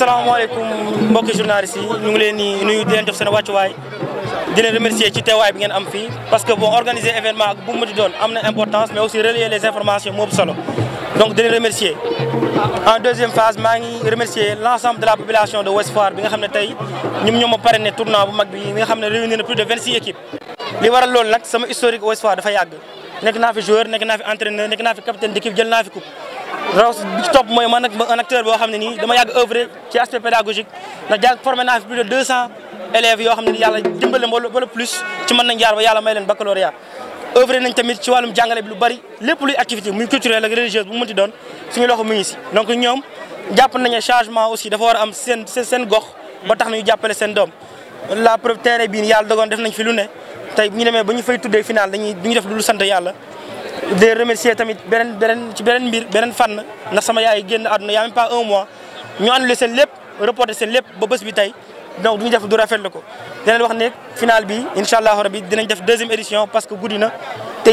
asalaamaaleykum mbokki journaliste yi ñu ngi leen di nuyu di leen jox seen wàccuwaay di leen remercier ci teewaay bi ngeen am fii parce que bon organiser événement ak bu mu di doon am na importance mais aussi relayer les informations moo ëpp donc di leen remercier en deuxième phase maa ngi de la population de Ouest Foire bi nga xam ne tey ñoom ñoo ma parrainé tournoi bu mag bi nga xam ne réunir na plus de 26 équipes li waral loolu nag sama historique Ouest Foire raw bi ci topp mooy man acteur boo xam ne nii dama yàgg œuvre ci aspect pédagogique ndax jàng naa fi plus de 200 élèves yoo xam ne nii yàlla dimbale wala plus ci mën nañ jaar ba yàlla may leen baccalauréat œuvre nañ tamit ci wàllum jàngale bi lu bari lépp luy activité muy culturelle ak religieuse mu mënti doon suñu loxo mu ngi si donc ñoom jàpp nañ ne changement aussi dafa war am seen seen gox ba tax nañu jàppale seen doom la preuve terrain bii yàlla dogoon def nañ fi lu ne tey bu ñu demee ba ñu tuddee final dañuy du ñu def lu sant yàlla di remercier tamit beneen beneen ci beneen mbir beneen fànn ndax sama yaay génn àdduna yaa même pas un mois ñu annulé seen lépp reporté seen lépp ba bés bi tey donc du ñu def du rafetlu ko dinañ wax ne final bi incha allah rabi dinañ def deuxième édition parce que guddi na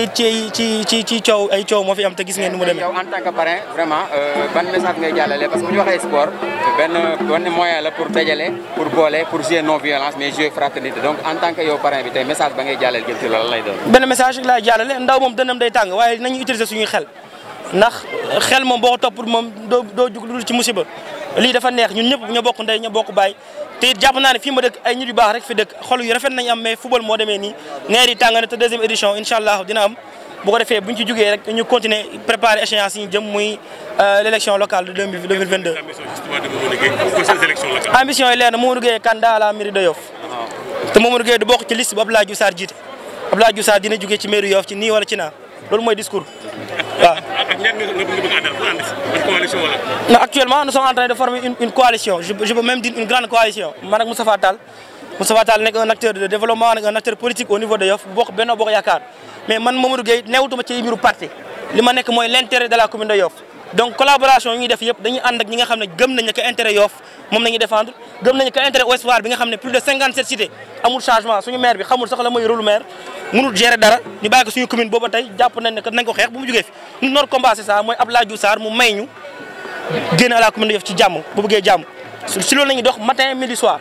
te it ci ci ci ci coow ay coow moo fi am te gis ngeen ni mu demee. en tant que parrain vraiment euh, message ngay jàllale parce que bu ñu waxee sport benn benn moyen la pour dajale pour boole pour jouer non violence mais jouer fraternité donc en tant que yow parrain bi tey message ba ngay jàllale benn message laay jàllale ndaw moom dënam day tàng waaye nañu utiliser suñuy xel ndax xel moom boo ko topp moom doo doo jug lu dul ci musiba lii dafa neex ñun ñëpp ñoo bokk ndey ñoo bokk baay te it jàpp naa ne fii ma dëkk ay nit yu baax rek fi dëkk xol yu rafet nañ am mais football moo demee nii neer yi te deuxième édition incha dina am bu ko bu ñu ci jugee rek ñu continuer préparer échéance yi ñu jëm muy euh, l' élection locale de 2022 ambition yi leer na Mamadou Gueye candidat à la mairie de Yoff te Mamadou Gueye du bokk ci liste bu Abdoulaye Diouf Sarr jiite Abdoulaye Diouf Sarr dina jugee ci mairie Yoff ci nii wala naa loolu mooy discours waaw coalition actuellement, de former une, coalition. Je, je, peux une grande coalition. Manak Moussa Fatal. Moussa Fatal est un acteur de développement, un acteur politique au niveau de Yoff, Bok Beno Bok Yakar. Mais man Mamadou Gueye néwutuma ci yiru parti. Li ma nek moy l'intérêt de la commune de Yoff. donc collaboration yi ñuy def yëpp dañuy ànd nga xam ne gëm nañ ne que intérêt Yoff moom la ñuy défendre gëm nañ que intérêt Ouest Foire bi nga xam ne génn à la commune Yoff ci jàmm bu bëggee jàmm si loolu la ñuy dox matin midi soir